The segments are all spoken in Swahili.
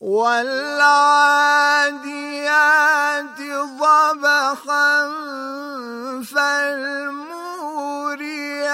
والعاديات ضبخا فالمؤمنين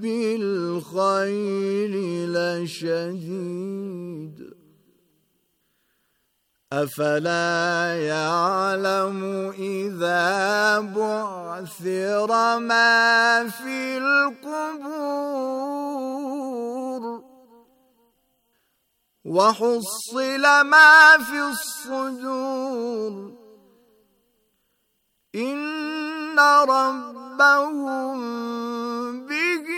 بالخير لشديد أفلا يعلم إذا بعثر ما في القبور وحصل ما في الصدور إن ربهم به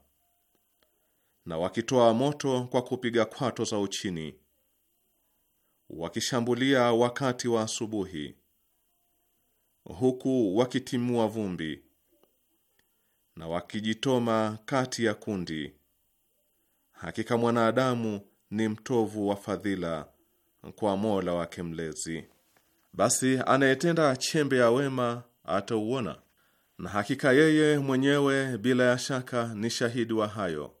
na wakitoa moto kwa kupiga kwato za uchini, wakishambulia wakati wa asubuhi, huku wakitimua vumbi na wakijitoma kati ya kundi. Hakika mwanadamu ni mtovu wa fadhila kwa Mola wake Mlezi. Basi anayetenda chembe ya wema atauona, na hakika yeye mwenyewe bila ya shaka ni shahidi wa hayo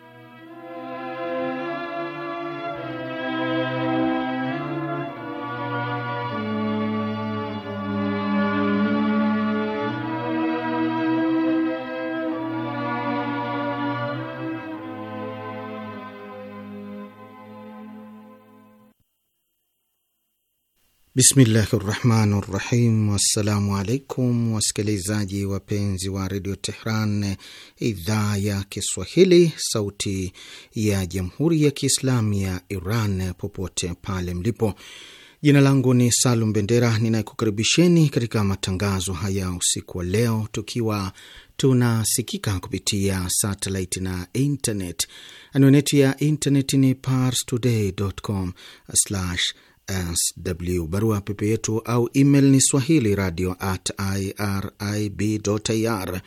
Bismillahi rahmani rahim. Wassalamu alaikum wasikilizaji wapenzi wa redio Tehran, idhaa ya Kiswahili, sauti ya jamhuri ya Kiislamu ya Iran, popote pale mlipo. Jina langu ni Salum Bendera ninayekukaribisheni katika matangazo haya usiku wa leo, tukiwa tunasikika kupitia satellite na internet. Anwani ya internet ni parstoday.com sw. Barua pepe yetu au email ni swahili radio at irib.ir.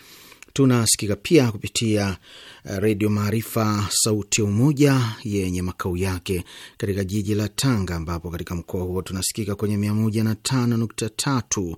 Tunasikika pia kupitia eh, Redio Maarifa Sauti ya Umoja yenye makao yake katika jiji la Tanga, ambapo katika mkoa huo tunasikika kwenye mia moja na tano nukta tatu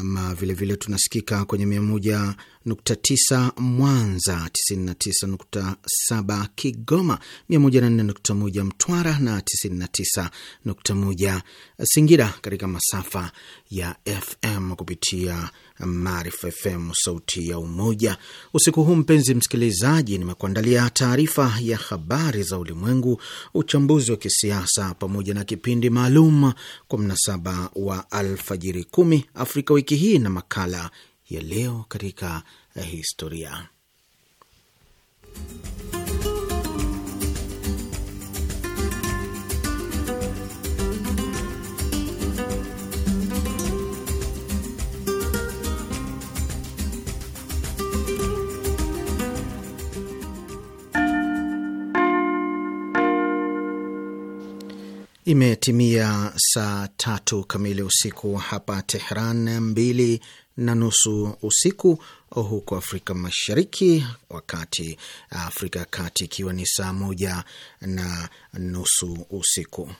ama vilevile tunasikika kwenye mia moja nukta tisa Mwanza, tisini na tisa nukta saba Kigoma, mia moja na nne nukta moja Mtwara na tisini na tisa nukta moja Singida katika masafa ya FM kupitia Maarifa FM, sauti ya Umoja. Usiku huu mpenzi msikilizaji, nimekuandalia taarifa ya habari za ulimwengu, uchambuzi wa kisiasa, pamoja na kipindi maalum kwa mnasaba wa alfajiri kumi Afrika wiki hii na makala ya leo katika historia. Imetimia saa tatu kamili usiku hapa Tehran, mbili na nusu usiku huko Afrika Mashariki, wakati Afrika ya Kati ikiwa ni saa moja na nusu usiku.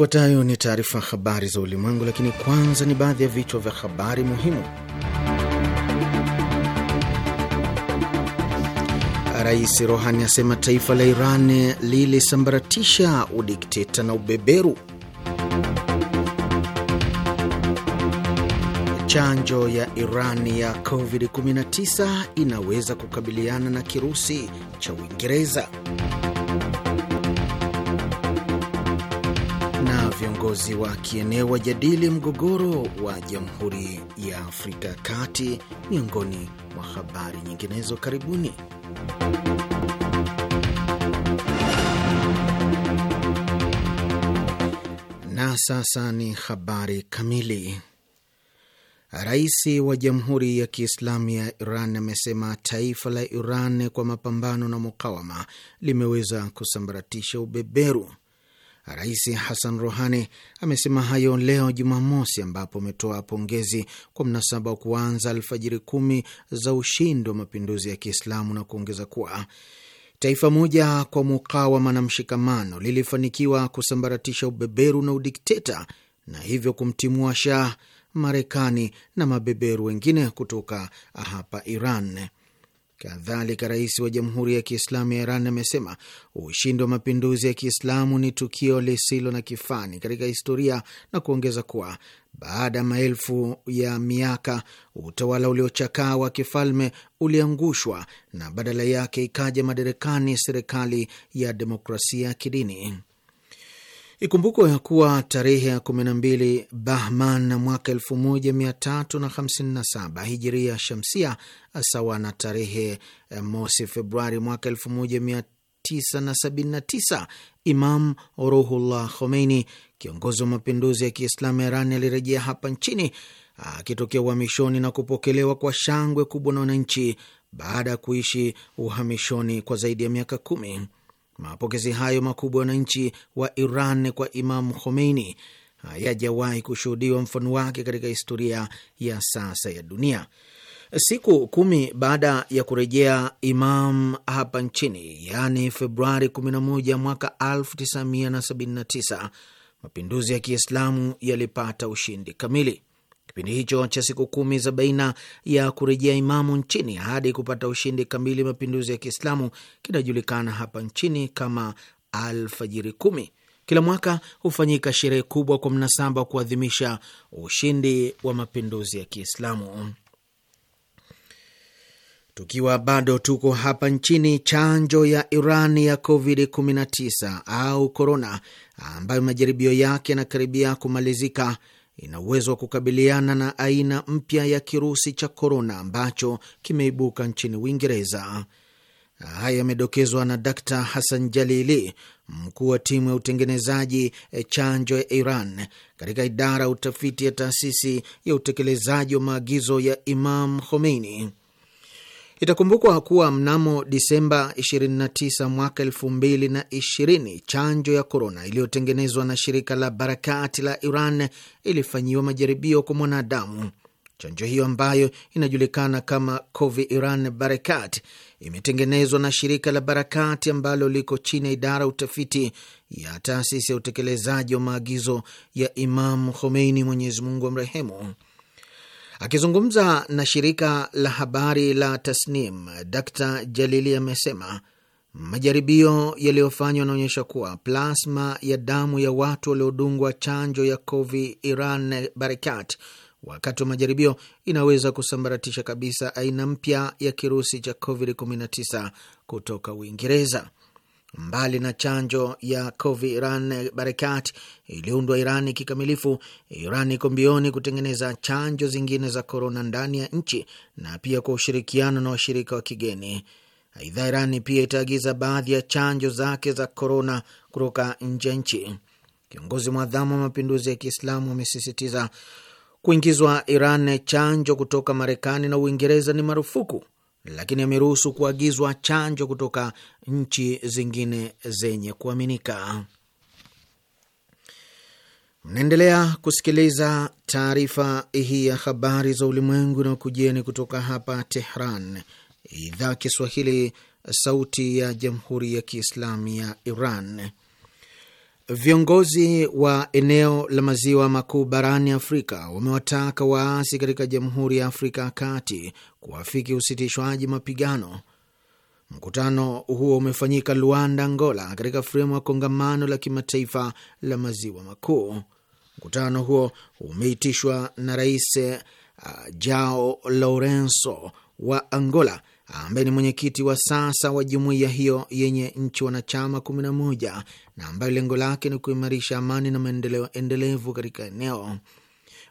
Ifuatayo ni taarifa habari za ulimwengu, lakini kwanza ni baadhi ya vichwa vya habari muhimu. Rais Rohani asema taifa la Iran lilisambaratisha udikteta na ubeberu. Chanjo ya Iran ya COVID-19 inaweza kukabiliana na kirusi cha Uingereza. Viongozi wa kieneo wajadili mgogoro wa Jamhuri ya Afrika ya Kati, miongoni mwa habari nyinginezo. Karibuni. Na sasa ni habari kamili. Rais wa Jamhuri ya Kiislamu ya Iran amesema taifa la Iran kwa mapambano na mukawama limeweza kusambaratisha ubeberu. Rais Hassan Rouhani amesema hayo leo Jumamosi, ambapo ametoa pongezi kwa mnasaba wa kuanza alfajiri kumi za ushindi wa mapinduzi ya Kiislamu na kuongeza kuwa taifa moja kwa mukawama na mshikamano lilifanikiwa kusambaratisha ubeberu na udikteta na hivyo kumtimua Shah Marekani na mabeberu wengine kutoka hapa Iran. Kadhalika, rais wa Jamhuri ya Kiislamu ya Iran amesema ushindi wa mapinduzi ya Kiislamu ni tukio lisilo na kifani katika historia na kuongeza kuwa baada ya maelfu ya miaka utawala uliochakaa wa kifalme uliangushwa na badala yake ikaja madarakani serikali ya demokrasia ya kidini. Ikumbukwe ya kuwa tarehe ya 12 Bahman na mwaka 1357 hijiria shamsia, sawa na tarehe eh, mosi Februari mwaka 1979, Imam Ruhullah Khomeini, kiongozi wa mapinduzi ya Kiislamu ya irani alirejea hapa nchini akitokea uhamishoni na kupokelewa kwa shangwe kubwa na wananchi baada ya kuishi uhamishoni kwa zaidi ya miaka kumi. Mapokezi hayo makubwa wananchi wa Iran kwa imam Khomeini hayajawahi kushuhudiwa mfano wake katika historia ya sasa ya dunia. Siku kumi baada ya kurejea Imam hapa nchini, yaani Februari 11 mwaka 1979, mapinduzi ya Kiislamu yalipata ushindi kamili. Kipindi hicho cha siku kumi za baina ya kurejea imamu nchini hadi kupata ushindi kamili mapinduzi ya Kiislamu kinajulikana hapa nchini kama Alfajiri Kumi. Kila mwaka hufanyika sherehe kubwa kwa mnasaba wa kuadhimisha ushindi wa mapinduzi ya Kiislamu. Tukiwa bado tuko hapa nchini, chanjo ya Iran ya COVID-19 au corona ambayo majaribio yake yanakaribia kumalizika ina uwezo wa kukabiliana na aina mpya ya kirusi cha korona ambacho kimeibuka nchini Uingereza. Haya yamedokezwa na Dkt Hassan Jalili, mkuu wa timu ya utengenezaji eh, chanjo ya Iran katika idara ya utafiti ya taasisi ya utekelezaji wa maagizo ya Imam Khomeini. Itakumbukwa kuwa mnamo Disemba 29 mwaka 2020 chanjo ya korona iliyotengenezwa na shirika la Barakati la Iran ilifanyiwa majaribio kwa mwanadamu. Chanjo hiyo ambayo inajulikana kama Covi Iran Barakat imetengenezwa na shirika la Barakati ambalo liko chini ya idara ya utafiti ya taasisi ya utekelezaji wa maagizo ya Imam Khomeini, Mwenyezi Mungu amrehemu. Akizungumza na shirika la habari la Tasnim, Dr Jalili amesema majaribio yaliyofanywa yanaonyesha kuwa plasma ya damu ya watu waliodungwa chanjo ya Covi Iran Barakat wakati wa majaribio inaweza kusambaratisha kabisa aina mpya ya kirusi cha Covid 19 kutoka Uingereza. Mbali na chanjo ya Coviran Barakat iliyoundwa Irani kikamilifu, Iran iko mbioni kutengeneza chanjo zingine za korona ndani ya nchi na pia kwa ushirikiano na washirika wa kigeni. Aidha, Irani pia itaagiza baadhi ya chanjo zake za korona kutoka nje ya nchi. Kiongozi mwadhamu wa mapinduzi ya Kiislamu amesisitiza kuingizwa Iran chanjo kutoka Marekani na Uingereza ni marufuku lakini ameruhusu kuagizwa chanjo kutoka nchi zingine zenye kuaminika. Mnaendelea kusikiliza taarifa hii ya habari za ulimwengu na kujieni kutoka hapa Tehran, idhaa Kiswahili, sauti ya jamhuri ya kiislamu ya Iran. Viongozi wa eneo la maziwa makuu barani Afrika wamewataka waasi katika Jamhuri ya Afrika ya Kati kuafiki usitishwaji mapigano. Mkutano huo umefanyika Luanda, Angola, katika fremu ya kongamano la kimataifa la maziwa makuu. Mkutano huo umeitishwa na Rais uh, Jao Lourenco wa Angola ambaye ni mwenyekiti wa sasa wa jumuiya hiyo yenye nchi wanachama 11 na ambayo lengo lake ni kuimarisha amani na maendeleo endelevu katika eneo.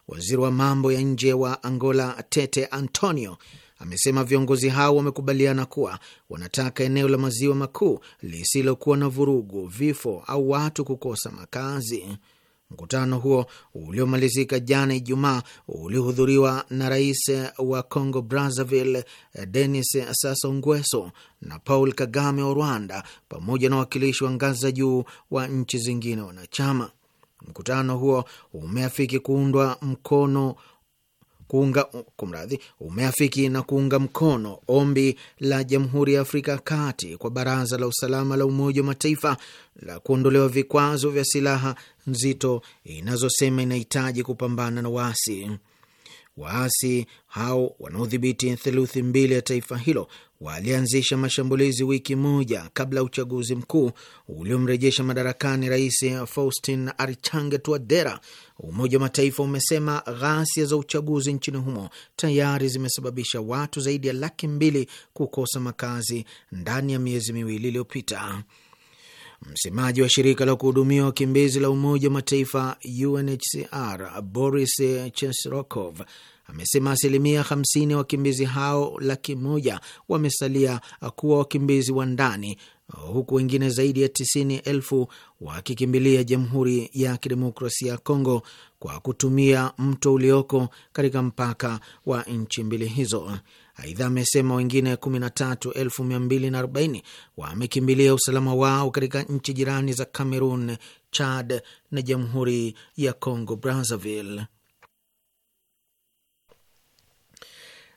Waziri wa mambo ya nje wa Angola Tete Antonio amesema viongozi hao wamekubaliana kuwa wanataka eneo la maziwa makuu lisilokuwa na vurugu, vifo au watu kukosa makazi. Mkutano huo uliomalizika jana Ijumaa ulihudhuriwa na rais wa Congo Brazzaville Denis Sassou Nguesso na Paul Kagame wa Rwanda, pamoja na wawakilishi wa ngazi za juu wa nchi zingine wanachama. Mkutano huo umeafiki kuundwa mkono kuunga kumradhi, umeafiki na kuunga mkono ombi la Jamhuri ya Afrika ya Kati kwa Baraza la Usalama la Umoja wa Mataifa la kuondolewa vikwazo vya silaha nzito inazosema inahitaji kupambana na waasi. Waasi hao wanaodhibiti theluthi mbili ya taifa hilo walianzisha mashambulizi wiki moja kabla ya uchaguzi mkuu uliomrejesha madarakani rais Faustin Archange Touadera. Umoja wa Mataifa umesema ghasia za uchaguzi nchini humo tayari zimesababisha watu zaidi ya laki mbili kukosa makazi ndani ya miezi miwili iliyopita. Msemaji wa shirika la kuhudumia wakimbizi la Umoja wa Mataifa UNHCR Boris Chesrokov amesema asilimia 50 ya wakimbizi hao laki moja wamesalia kuwa wakimbizi wa ndani huku wengine zaidi ya 90 elfu wakikimbilia Jamhuri ya Kidemokrasia ya Kongo kwa kutumia mto ulioko katika mpaka wa nchi mbili hizo. Aidha, amesema wengine 13240 wamekimbilia usalama wao katika nchi jirani za Cameroon, Chad na Jamhuri ya Congo Brazzaville.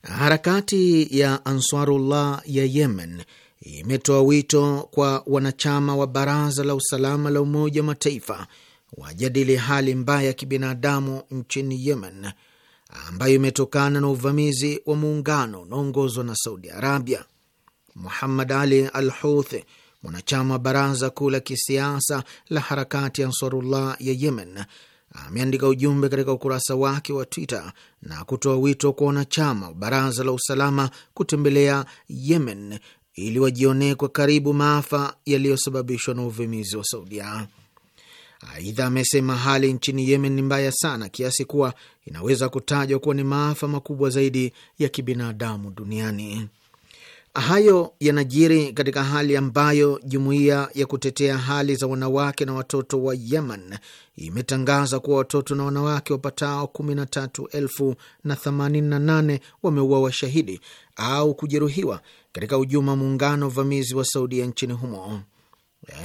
Harakati ya Ansarullah ya Yemen imetoa wito kwa wanachama wa Baraza la Usalama la Umoja wa Mataifa wajadili hali mbaya ya kibinadamu nchini Yemen ambayo imetokana na uvamizi wa muungano unaoongozwa na Saudi Arabia. Muhammad Ali al Houthi, mwanachama wa baraza kuu la kisiasa la harakati ya Ansarullah ya Yemen, ameandika ujumbe katika ukurasa wake wa Twitter na kutoa wito kwa wanachama wa baraza la usalama kutembelea Yemen ili wajionee kwa karibu maafa yaliyosababishwa na uvamizi wa Saudia. Aidha, amesema hali nchini Yemen ni mbaya sana kiasi kuwa inaweza kutajwa kuwa ni maafa makubwa zaidi ya kibinadamu duniani. Hayo yanajiri katika hali ambayo jumuiya ya kutetea hali za wanawake na watoto wa Yemen imetangaza kuwa watoto na wanawake wapatao 13,088 wameua washahidi au kujeruhiwa katika hujuma muungano wa uvamizi wa Saudia nchini humo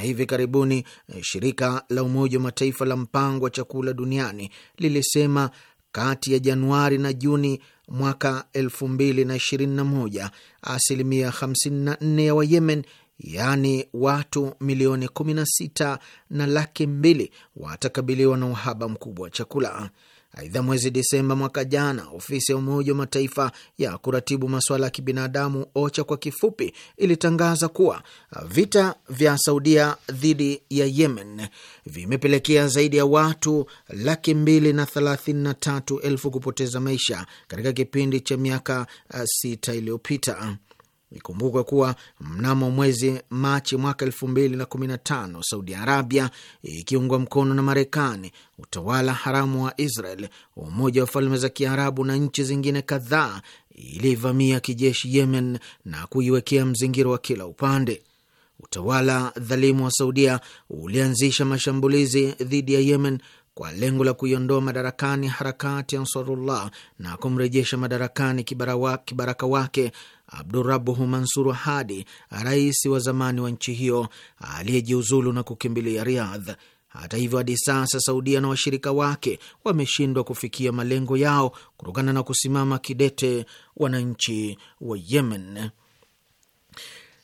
hivi karibuni eh, shirika la Umoja wa Mataifa la mpango wa chakula duniani lilisema kati ya Januari na Juni mwaka 2021 asilimia 54 ya Wayemen yaani watu milioni 16 na laki mbili watakabiliwa na uhaba mkubwa wa chakula. Aidha, mwezi Desemba mwaka jana, ofisi ya Umoja wa Mataifa ya kuratibu masuala ya kibinadamu OCHA kwa kifupi, ilitangaza kuwa vita vya Saudia dhidi ya Yemen vimepelekea zaidi ya watu laki mbili na thelathini na tatu elfu kupoteza maisha katika kipindi cha miaka uh, sita iliyopita. Ikumbukwe kuwa mnamo mwezi Machi mwaka elfu mbili na kumi na tano Saudi Arabia ikiungwa mkono na Marekani, utawala haramu wa Israel, Umoja wa Falme za Kiarabu na nchi zingine kadhaa ilivamia kijeshi Yemen na kuiwekea mzingiro wa kila upande. Utawala dhalimu wa Saudia ulianzisha mashambulizi dhidi ya Yemen kwa lengo la kuiondoa madarakani harakati ya Ansarullah na kumrejesha madarakani kibaraka wake Abdurabuhu mansur Hadi, rais wa zamani wa nchi hiyo aliyejiuzulu na kukimbilia riadh Hata hivyo, hadi sasa Saudia na washirika wake wameshindwa kufikia malengo yao kutokana na kusimama kidete wananchi wa Yemen.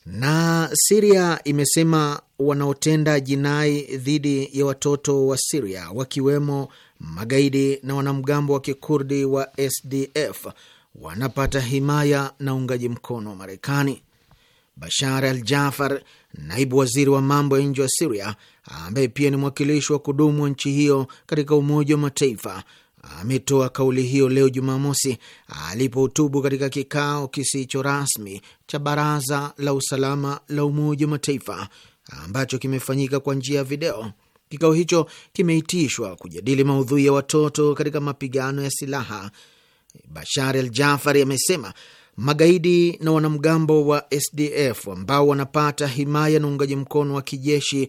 Na Siria imesema wanaotenda jinai dhidi ya watoto wa Siria wakiwemo magaidi na wanamgambo wa kikurdi wa SDF wanapata himaya na uungaji mkono wa Marekani. Bashar al Jafar, naibu waziri wa mambo ya nje wa Siria ambaye pia ni mwakilishi wa kudumu wa nchi hiyo katika Umoja wa Mataifa, ametoa kauli hiyo leo Jumamosi alipohutubu katika kikao kisicho rasmi cha Baraza la Usalama la Umoja wa Mataifa ambacho kimefanyika kwa njia ya video. Kikao hicho kimeitishwa kujadili maudhui ya watoto katika mapigano ya silaha Bashar al Jafari amesema magaidi na wanamgambo wa SDF ambao wanapata himaya na uungaji mkono wa kijeshi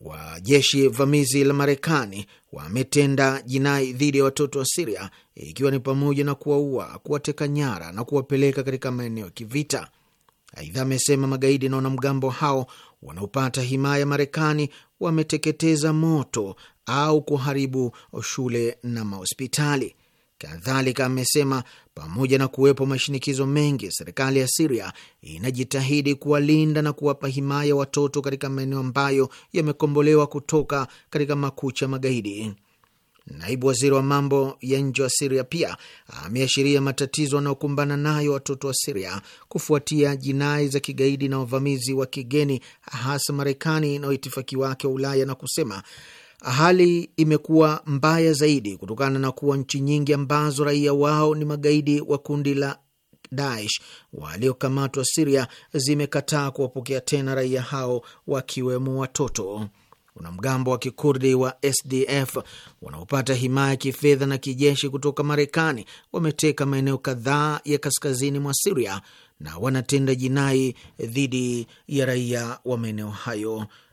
wa jeshi vamizi la Marekani wametenda jinai dhidi ya watoto wa Siria, ikiwa ni pamoja na kuwaua, kuwateka nyara na kuwapeleka katika maeneo ya kivita. Aidha amesema magaidi na wanamgambo hao wanaopata himaya ya Marekani wameteketeza moto au kuharibu shule na mahospitali. Kadhalika amesema pamoja na kuwepo mashinikizo mengi, serikali ya Siria inajitahidi kuwalinda na kuwapa himaya watoto katika maeneo ambayo yamekombolewa kutoka katika makucha magaidi. Naibu waziri wa mambo ya nje wa Siria pia ameashiria matatizo anaokumbana nayo watoto wa Siria kufuatia jinai za kigaidi na wavamizi wa kigeni, hasa Marekani na waitifaki wake wa Ulaya, na kusema Hali imekuwa mbaya zaidi kutokana na kuwa nchi nyingi ambazo raia wao ni magaidi wa kundi la Daesh waliokamatwa Siria zimekataa kuwapokea tena raia hao wakiwemo watoto. Wanamgambo wa kikurdi wa SDF wanaopata himaya ya kifedha na kijeshi kutoka Marekani wameteka maeneo kadhaa ya kaskazini mwa Siria na wanatenda jinai dhidi ya raia wa maeneo hayo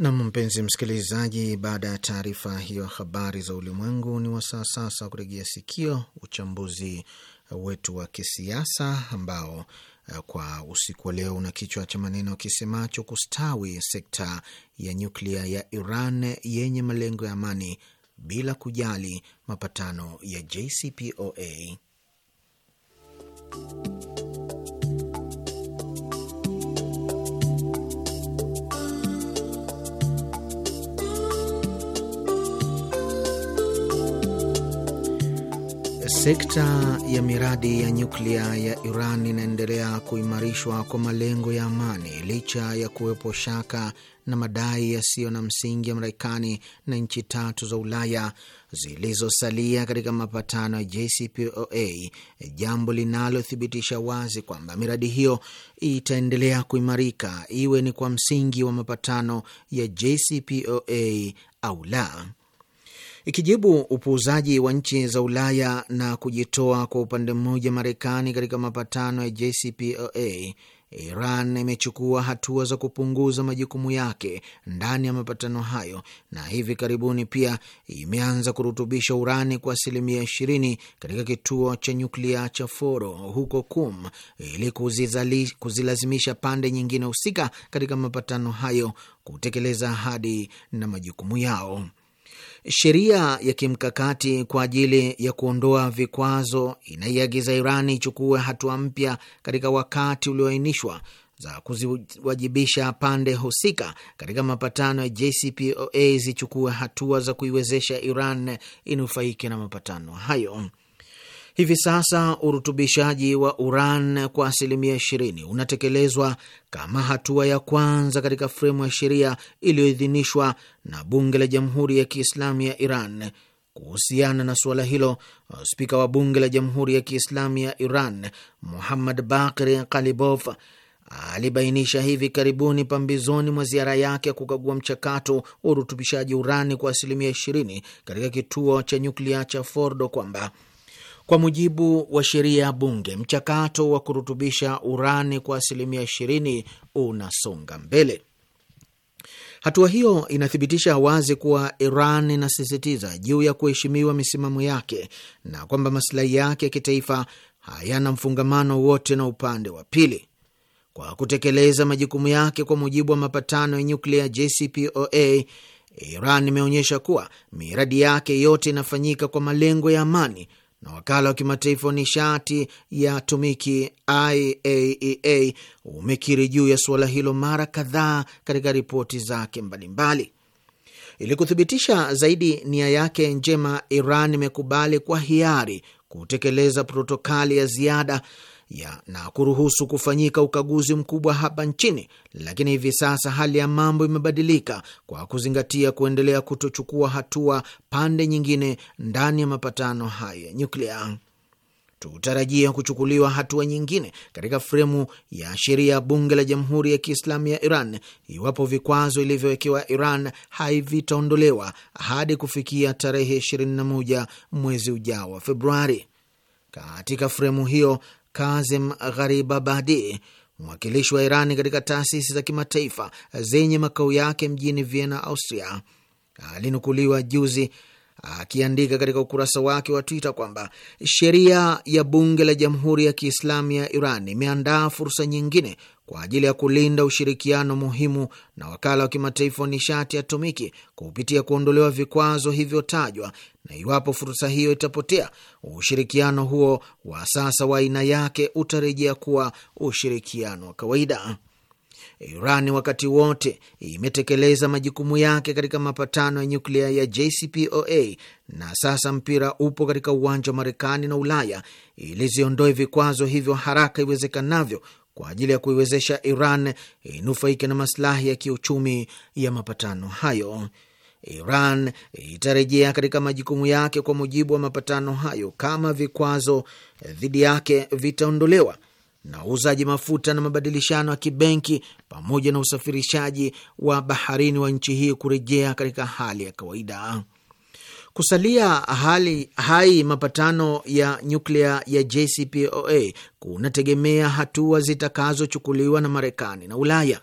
Nam, mpenzi msikilizaji, baada ya taarifa hiyo habari za ulimwengu, ni wasaa sasa kurejea sikio uchambuzi wetu wa kisiasa ambao eh, kwa usiku wa leo una kichwa cha maneno kisemacho kustawi sekta ya nyuklia ya Iran yenye malengo ya amani bila kujali mapatano ya JCPOA. Sekta ya miradi ya nyuklia ya Iran inaendelea kuimarishwa kwa malengo ya amani licha ya kuwepo shaka na madai yasiyo na msingi ya Marekani na nchi tatu za Ulaya zilizosalia katika mapatano ya JCPOA, jambo linalothibitisha wazi kwamba miradi hiyo itaendelea kuimarika iwe ni kwa msingi wa mapatano ya JCPOA au la. Ikijibu upuuzaji wa nchi za Ulaya na kujitoa kwa upande mmoja Marekani katika mapatano ya JCPOA, Iran imechukua hatua za kupunguza majukumu yake ndani ya mapatano hayo na hivi karibuni pia imeanza kurutubisha urani kwa asilimia 20 katika kituo cha nyuklia cha Foro huko Kum ili kuzizali, kuzilazimisha pande nyingine husika katika mapatano hayo kutekeleza ahadi na majukumu yao. Sheria ya kimkakati kwa ajili ya kuondoa vikwazo inaiagiza Irani ichukue hatua mpya katika wakati ulioainishwa za kuziwajibisha pande husika katika mapatano ya JCPOA zichukue hatua za kuiwezesha Iran inufaike na mapatano hayo. Hivi sasa urutubishaji wa uran kwa asilimia 20 unatekelezwa kama hatua ya kwanza katika fremu ya sheria iliyoidhinishwa na bunge la Jamhuri ya Kiislamu ya Iran. Kuhusiana na suala hilo, spika wa bunge la Jamhuri ya Kiislamu ya Iran Muhammad Bakir Kalibof alibainisha hivi karibuni pambizoni mwa ziara yake ya kukagua mchakato wa urutubishaji urani kwa asilimia 20 katika kituo cha nyuklia cha Fordo kwamba kwa mujibu wa sheria ya Bunge, mchakato wa kurutubisha urani kwa asilimia 20 unasonga mbele. Hatua hiyo inathibitisha wazi kuwa Iran inasisitiza juu ya kuheshimiwa misimamo yake na kwamba masilahi yake ya kitaifa hayana mfungamano wote na upande wa pili. Kwa kutekeleza majukumu yake kwa mujibu wa mapatano ya nyuklia JCPOA, Iran imeonyesha kuwa miradi yake yote inafanyika kwa malengo ya amani na wakala wa kimataifa wa nishati ya tumiki IAEA e umekiri juu ya suala hilo mara kadhaa katika ripoti zake mbalimbali. Ili kuthibitisha zaidi nia yake njema, Iran imekubali kwa hiari kutekeleza protokali ya ziada ya na kuruhusu kufanyika ukaguzi mkubwa hapa nchini, lakini hivi sasa hali ya mambo imebadilika kwa kuzingatia kuendelea kutochukua hatua pande nyingine ndani ya mapatano haya ya nyuklia. Tutarajia kuchukuliwa hatua nyingine katika fremu ya sheria ya bunge la Jamhuri ya Kiislamu ya Iran iwapo vikwazo ilivyowekewa Iran haivitaondolewa hadi kufikia tarehe 21 mwezi ujao wa Februari. Katika fremu hiyo kazim Kazem Gharibabadi, mwakilishi wa Irani katika taasisi za kimataifa zenye makao yake mjini Vienna, Austria, alinukuliwa juzi akiandika katika ukurasa wake wa Twitter kwamba sheria ya bunge la Jamhuri ya Kiislamu ya Iran imeandaa fursa nyingine kwa ajili ya kulinda ushirikiano muhimu na wakala wa kimataifa wa nishati atumiki atomiki kupitia kuondolewa vikwazo hivyo tajwa, na iwapo fursa hiyo itapotea, ushirikiano huo wa sasa wa aina yake utarejea kuwa ushirikiano wa kawaida. Iran wakati wote imetekeleza majukumu yake katika mapatano ya nyuklia ya JCPOA na sasa mpira upo katika uwanja wa Marekani na Ulaya ili ziondoe vikwazo hivyo haraka iwezekanavyo kwa ajili ya kuiwezesha Iran inufaike na masilahi ya kiuchumi ya mapatano hayo. Iran itarejea katika majukumu yake kwa mujibu wa mapatano hayo kama vikwazo dhidi yake vitaondolewa na uuzaji mafuta na mabadilishano ya kibenki pamoja na usafirishaji wa baharini wa nchi hii kurejea katika hali ya kawaida. Kusalia hali hai mapatano ya nyuklia ya JCPOA kunategemea hatua zitakazochukuliwa na Marekani na Ulaya.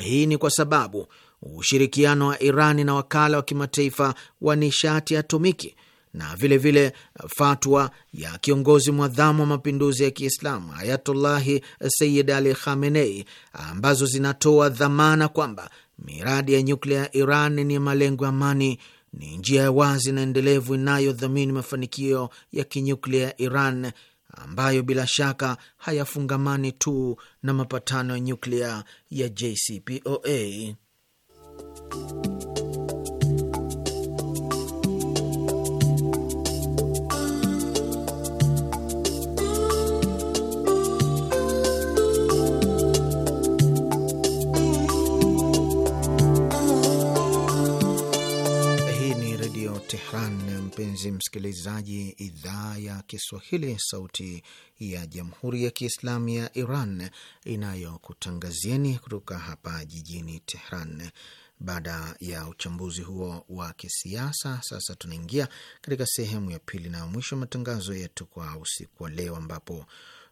Hii ni kwa sababu ushirikiano wa Irani na wakala wa kimataifa wa nishati atomiki na vilevile vile fatwa ya kiongozi mwadhamu wa mapinduzi ya Kiislamu Ayatullahi Sayyid Ali Khamenei ambazo zinatoa dhamana kwamba miradi ya nyuklia ya Iran ni malengo ya amani ni njia ya wazi na endelevu inayodhamini mafanikio ya kinyuklia ya Iran ambayo bila shaka hayafungamani tu na mapatano ya nyuklia ya JCPOA. Tehran. Mpenzi msikilizaji, idhaa ya Kiswahili, sauti ya jamhuri ya Kiislamu ya Iran inayokutangazieni kutoka hapa jijini Tehran. Baada ya uchambuzi huo wa kisiasa, sasa tunaingia katika sehemu ya pili na mwisho matangazo yetu kwa usiku wa leo, ambapo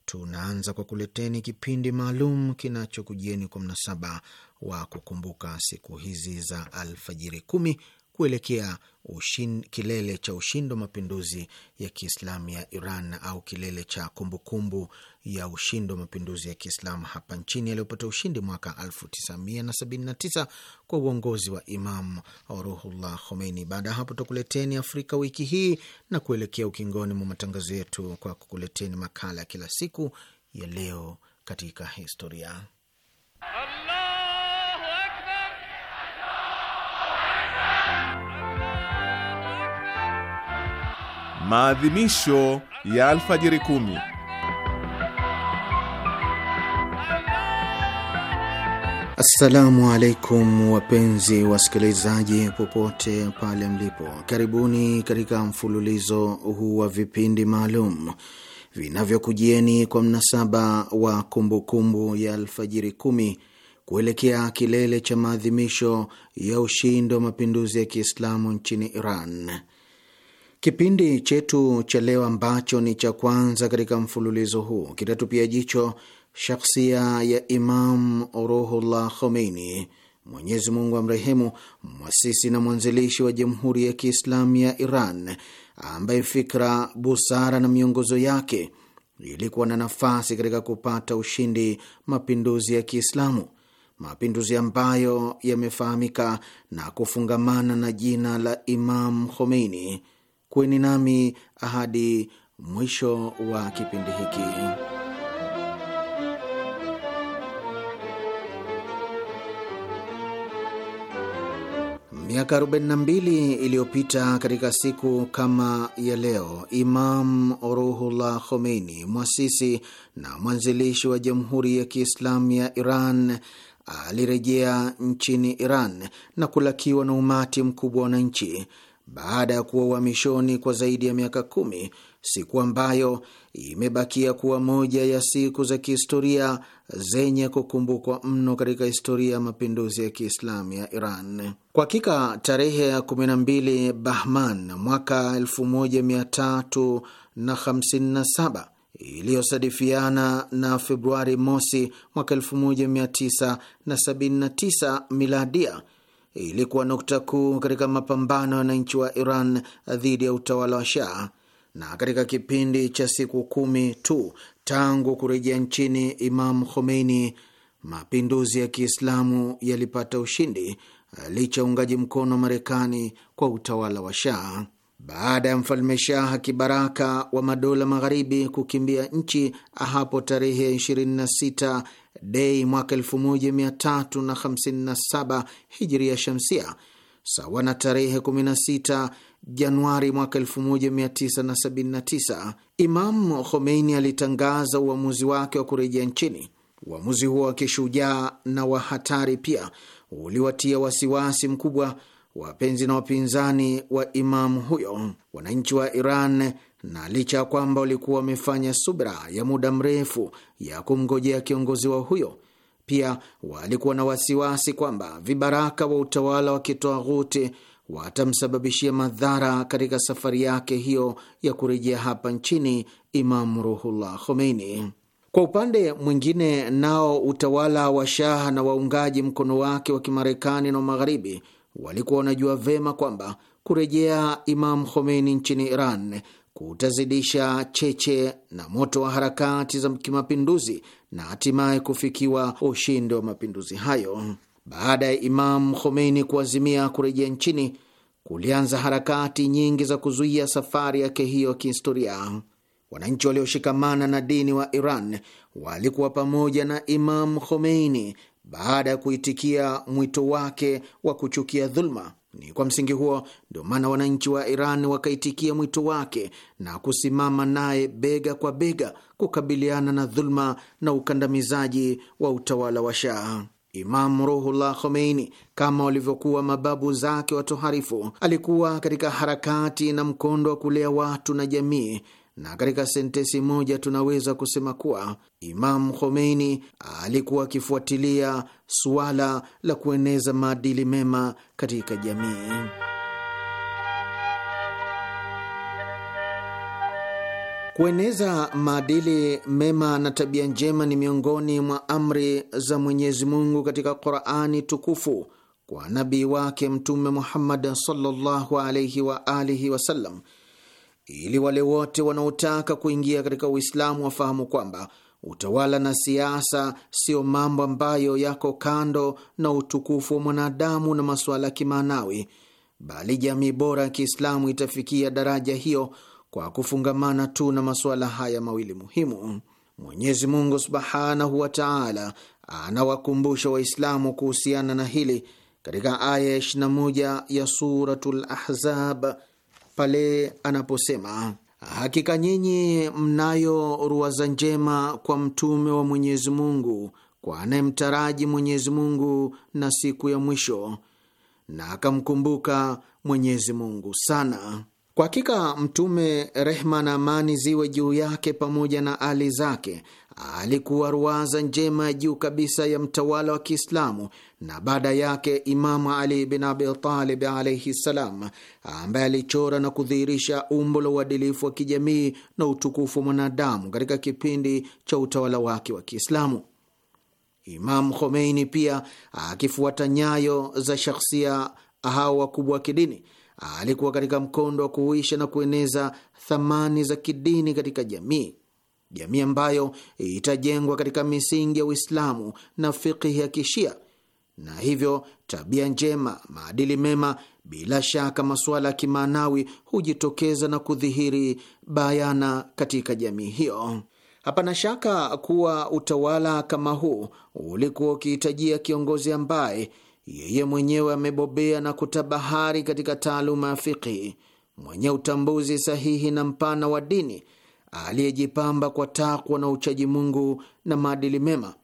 tunaanza kwa kuleteni kipindi maalum kinachokujieni kwa mnasaba wa kukumbuka siku hizi za Alfajiri kumi kuelekea ushin, kilele cha ushindi wa mapinduzi ya Kiislamu ya Iran au kilele cha kumbukumbu kumbu ya ushindi wa mapinduzi ya Kiislamu hapa nchini yaliyopata ushindi mwaka 1979 kwa uongozi wa Imam Ruhullah Khomeini. Baada ya hapo, tukuleteni Afrika wiki hii na kuelekea ukingoni mwa matangazo yetu kwa kukuleteni makala ya kila siku ya leo katika historia Maadhimisho ya alfajiri kumi. Assalamu alaikum wapenzi wasikilizaji, popote pale mlipo, karibuni katika mfululizo huu wa vipindi maalum vinavyokujieni kwa mnasaba wa kumbukumbu kumbu ya alfajiri kumi kuelekea kilele cha maadhimisho ya ushindi wa mapinduzi ya Kiislamu nchini Iran. Kipindi chetu cha leo ambacho ni cha kwanza katika mfululizo huu kitatupia jicho shakhsia ya Imam Ruhullah Khomeini, Mwenyezi Mungu amrehemu, mwasisi na mwanzilishi wa Jamhuri ya Kiislamu ya Iran, ambaye fikra, busara na miongozo yake ilikuwa na nafasi katika kupata ushindi mapinduzi ya Kiislamu, mapinduzi ambayo yamefahamika na kufungamana na jina la Imam Khomeini. Kuweni nami hadi mwisho wa kipindi hiki. Miaka 42 iliyopita katika siku kama ya leo, Imam Ruhullah Khomeini, mwasisi na mwanzilishi wa Jamhuri ya Kiislamu ya Iran, alirejea nchini Iran na kulakiwa na umati mkubwa wa wananchi baada ya kuwa uhamishoni kwa zaidi ya miaka kumi, siku ambayo imebakia kuwa moja ya siku za kihistoria zenye kukumbukwa mno katika historia ya mapinduzi ya Kiislamu ya Iran. Kwa hakika tarehe ya 12 Bahman mwaka 1357 iliyosadifiana na Februari mosi mwaka 1979 miladia ilikuwa nukta kuu katika mapambano ya wananchi wa Iran dhidi ya utawala wa Shah, na katika kipindi cha siku kumi tu tangu kurejea nchini Imam Khomeini, mapinduzi ya Kiislamu yalipata ushindi licha ya uungaji mkono wa Marekani kwa utawala wa Shah baada ya mfalme Shah kibaraka wa madola magharibi kukimbia nchi hapo tarehe 26 Dei mwaka 1357 Hijria Shamsia, sawa na tarehe 16 Januari mwaka 1979, Imam Khomeini alitangaza uamuzi wake wa kurejea nchini. Uamuzi huo wa kishujaa na wa hatari pia uliwatia wasiwasi mkubwa wapenzi na wapinzani wa imamu huyo, wananchi wa Iran, na licha ya kwamba walikuwa wamefanya subra ya muda mrefu ya kumngojea kiongozi wao huyo, pia walikuwa na wasiwasi kwamba vibaraka wa utawala wa kitwaghuti watamsababishia madhara katika safari yake hiyo ya kurejea hapa nchini Imamu Ruhullah Khomeini. Kwa upande mwingine, nao utawala wa shaha na waungaji mkono wake wa Kimarekani na no Magharibi walikuwa wanajua vema kwamba kurejea Imam Khomeini nchini Iran kutazidisha cheche na moto wa harakati za kimapinduzi na hatimaye kufikiwa ushindi wa mapinduzi hayo. Baada ya Imam Khomeini kuazimia kurejea nchini, kulianza harakati nyingi za kuzuia safari yake hiyo kihistoria. Wananchi walioshikamana na dini wa Iran walikuwa pamoja na Imam Khomeini baada ya kuitikia mwito wake wa kuchukia dhuluma. Ni kwa msingi huo ndio maana wananchi wa Iran wakaitikia mwito wake na kusimama naye bega kwa bega kukabiliana na dhuluma na ukandamizaji wa utawala wa Shah. Imam Ruhullah Khomeini, kama walivyokuwa mababu zake watoharifu, alikuwa katika harakati na mkondo wa kulea watu na jamii na katika sentesi moja tunaweza kusema kuwa imam Khomeini alikuwa akifuatilia suala la kueneza maadili mema katika jamii. Kueneza maadili mema na tabia njema ni miongoni mwa amri za Mwenyezi Mungu katika Qurani tukufu kwa nabii wake Mtume Muhammad sallallahu alaihi wa alihi wasallam ili wale wote wanaotaka kuingia katika Uislamu wafahamu kwamba utawala na siasa siyo mambo ambayo yako kando na utukufu wa mwanadamu na masuala ya kimaanawi, bali jamii bora ya Kiislamu itafikia daraja hiyo kwa kufungamana tu na masuala haya mawili muhimu. Mwenyezi Mungu subhanahu wa taala anawakumbusha Waislamu kuhusiana na hili katika aya 21 ya Suratul Ahzab pale anaposema hakika nyinyi mnayo ruwaza njema kwa mtume wa Mwenyezi Mungu, kwa anayemtaraji Mwenyezi Mungu na siku ya mwisho, na akamkumbuka Mwenyezi Mungu sana. Kwa hakika mtume, rehma na amani ziwe juu yake pamoja na ali zake, alikuwa ruwaza njema ya juu kabisa ya mtawala wa Kiislamu na baada yake Imamu Ali bin Abi Talib alaihi ssalam, ambaye alichora na kudhihirisha umbo la uadilifu wa kijamii na utukufu wa mwanadamu katika kipindi cha utawala wake wa Kiislamu. Imamu Khomeini pia akifuata nyayo za shakhsia hao wakubwa wa kidini alikuwa katika mkondo wa kuhuisha na kueneza thamani za kidini katika jamii jamii ambayo itajengwa katika misingi ya Uislamu na fikihi ya Kishia, na hivyo tabia njema, maadili mema, bila shaka masuala ya kimaanawi hujitokeza na kudhihiri bayana katika jamii hiyo. Hapana shaka kuwa utawala kama huu ulikuwa ukihitajia kiongozi ambaye yeye mwenyewe amebobea na kutabahari katika taaluma ya fikihi mwenye utambuzi sahihi na mpana wa dini aliyejipamba kwa takwa na uchaji Mungu na maadili mema,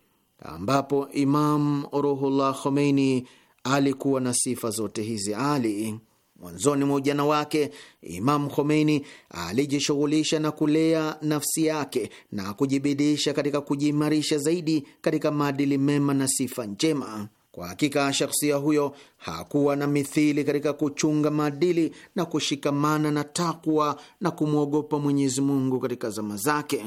ambapo Imam Ruhullah Khomeini alikuwa na sifa zote hizi ali. Mwanzoni mwa ujana wake Imam Khomeini alijishughulisha na kulea nafsi yake na kujibidisha katika kujiimarisha zaidi katika maadili mema na sifa njema. Kwa hakika shakhsia huyo hakuwa na mithili katika kuchunga maadili na kushikamana na takwa na kumwogopa Mwenyezi Mungu katika zama zake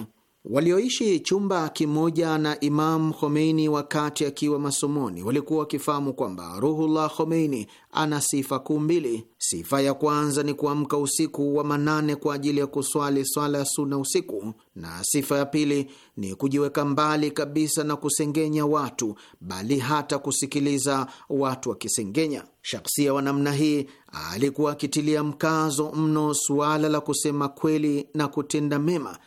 walioishi chumba kimoja na Imam Khomeini wakati akiwa masomoni walikuwa wakifahamu kwamba Ruhullah Khomeini ana sifa kuu mbili. Sifa ya kwanza ni kuamka usiku wa manane kwa ajili ya kuswali swala ya suna usiku, na sifa ya pili ni kujiweka mbali kabisa na kusengenya watu, bali hata kusikiliza watu wakisengenya. Shaksia wa namna hii alikuwa akitilia mkazo mno suala la kusema kweli na kutenda mema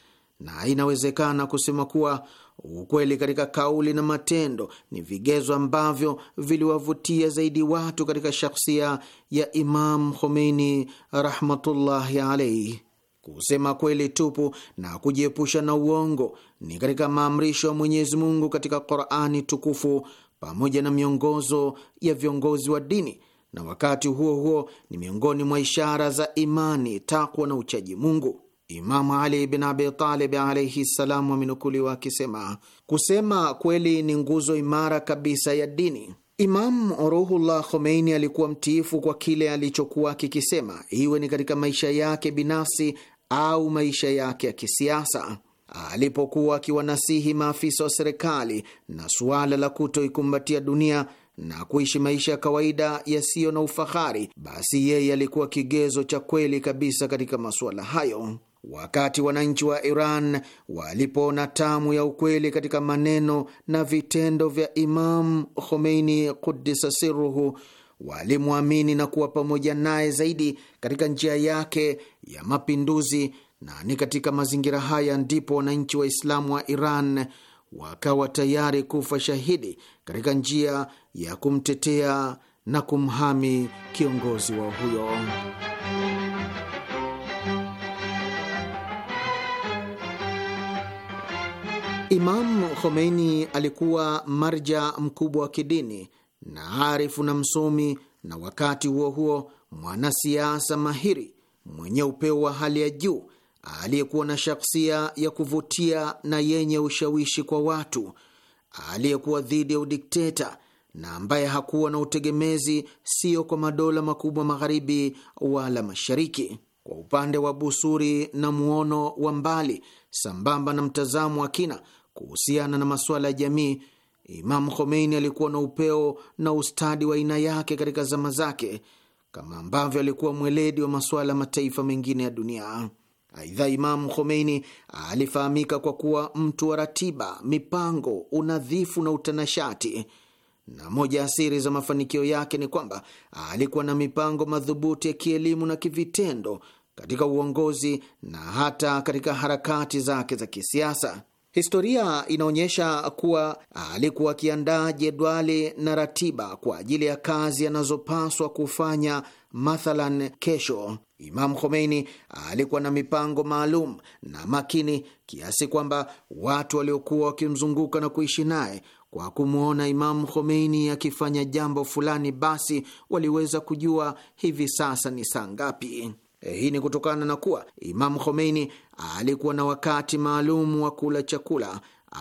na inawezekana kusema kuwa ukweli katika kauli na matendo ni vigezo ambavyo viliwavutia zaidi watu katika shakhsia ya Imam Khomeini rahmatullahi alaihi. Kusema kweli tupu na kujiepusha na uongo ni katika maamrisho ya Mwenyezi Mungu katika Qurani tukufu pamoja na miongozo ya viongozi wa dini, na wakati huo huo ni miongoni mwa ishara za imani, takwa na uchaji Mungu. Imamu Ali bin Abi Talib alaihi ssalam wamenukuliwa akisema, kusema kweli ni nguzo imara kabisa ya dini. Imamu Ruhullah Khomeini alikuwa mtiifu kwa kile alichokuwa kikisema, iwe ni katika maisha yake binafsi au maisha yake ya kisiasa. Alipokuwa akiwanasihi maafisa wa serikali na suala la kutoikumbatia dunia na kuishi maisha ya kawaida yasiyo na ufahari, basi yeye alikuwa kigezo cha kweli kabisa katika masuala hayo. Wakati wananchi wa Iran walipoona tamu ya ukweli katika maneno na vitendo vya Imam Khomeini Kudisa Siruhu, walimwamini na kuwa pamoja naye zaidi katika njia yake ya mapinduzi, na ni katika mazingira haya ndipo wananchi Waislamu wa Iran wakawa tayari kufa shahidi katika njia ya kumtetea na kumhami kiongozi wao huyo. Imam Khomeini alikuwa marja mkubwa wa kidini na arifu na msomi, na wakati huo huo mwanasiasa mahiri mwenye upeo wa hali ya juu aliyekuwa na shaksia ya kuvutia na yenye ushawishi kwa watu, aliyekuwa dhidi ya udikteta na ambaye hakuwa na utegemezi, sio kwa madola makubwa magharibi wala mashariki. Kwa upande wa busuri na muono wa mbali sambamba na mtazamo wa kina, Kuhusiana na masuala ya jamii, Imamu Khomeini alikuwa na upeo na ustadi wa aina yake katika zama zake, kama ambavyo alikuwa mweledi wa masuala ya mataifa mengine ya dunia. Aidha, Imamu Khomeini alifahamika kwa kuwa mtu wa ratiba, mipango, unadhifu na utanashati, na moja ya siri za mafanikio yake ni kwamba alikuwa na mipango madhubuti ya kielimu na kivitendo katika uongozi na hata katika harakati zake za kisiasa. Historia inaonyesha kuwa alikuwa akiandaa jedwali na ratiba kwa ajili ya kazi anazopaswa kufanya. Mathalan, kesho Imam Khomeini alikuwa na mipango maalum na makini kiasi kwamba watu waliokuwa wakimzunguka na kuishi naye kwa kumwona Imamu Khomeini akifanya jambo fulani, basi waliweza kujua hivi sasa ni saa ngapi. Eh, hii ni kutokana na kuwa Imamu Khomeini alikuwa na wakati maalum wa kula chakula,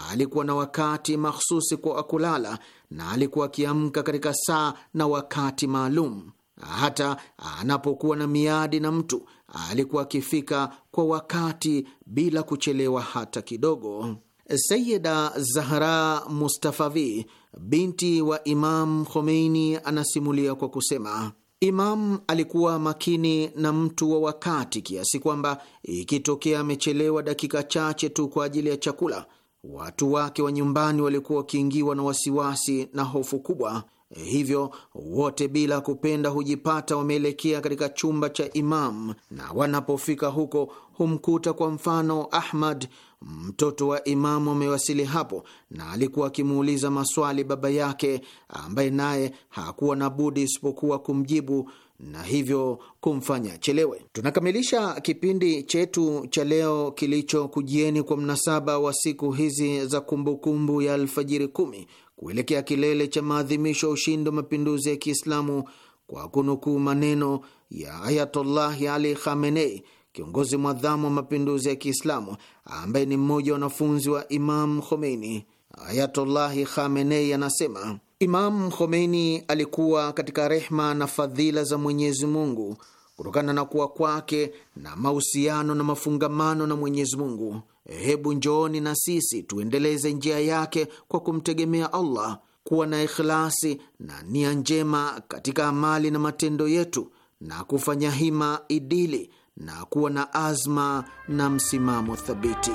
alikuwa na wakati mahsusi kwa kulala, na alikuwa akiamka katika saa na wakati maalum. Hata anapokuwa na miadi na mtu, alikuwa akifika kwa wakati bila kuchelewa hata kidogo. Sayida Zahra Mustafavi, binti wa Imam Khomeini, anasimulia kwa kusema Imam alikuwa makini na mtu wa wakati kiasi kwamba ikitokea amechelewa dakika chache tu kwa ajili ya chakula, watu wake wa nyumbani walikuwa wakiingiwa na wasiwasi na hofu kubwa. E hivyo wote bila kupenda hujipata wameelekea katika chumba cha Imam, na wanapofika huko humkuta kwa mfano Ahmad mtoto wa Imamu amewasili hapo, na alikuwa akimuuliza maswali baba yake, ambaye naye hakuwa na budi isipokuwa kumjibu na hivyo kumfanya chelewe Tunakamilisha kipindi chetu cha leo kilichokujieni kwa mnasaba wa siku hizi za kumbukumbu ya Alfajiri Kumi kuelekea kilele cha maadhimisho ya ushindi wa mapinduzi ya Kiislamu kwa kunukuu maneno ya Ayatollahi Ali Khamenei, kiongozi mwadhamu wa mapinduzi ya Kiislamu ambaye ni mmoja wa wanafunzi wa Imam Khomeini. Ayatollahi Khamenei anasema Imam Khomeini alikuwa katika rehma na fadhila za Mwenyezi Mungu kutokana na kuwa kwake na mahusiano na mafungamano na Mwenyezi Mungu. Hebu njooni na sisi tuendeleze njia yake kwa kumtegemea Allah, kuwa na ikhlasi na nia njema katika amali na matendo yetu, na kufanya hima idili na kuwa na azma na msimamo thabiti.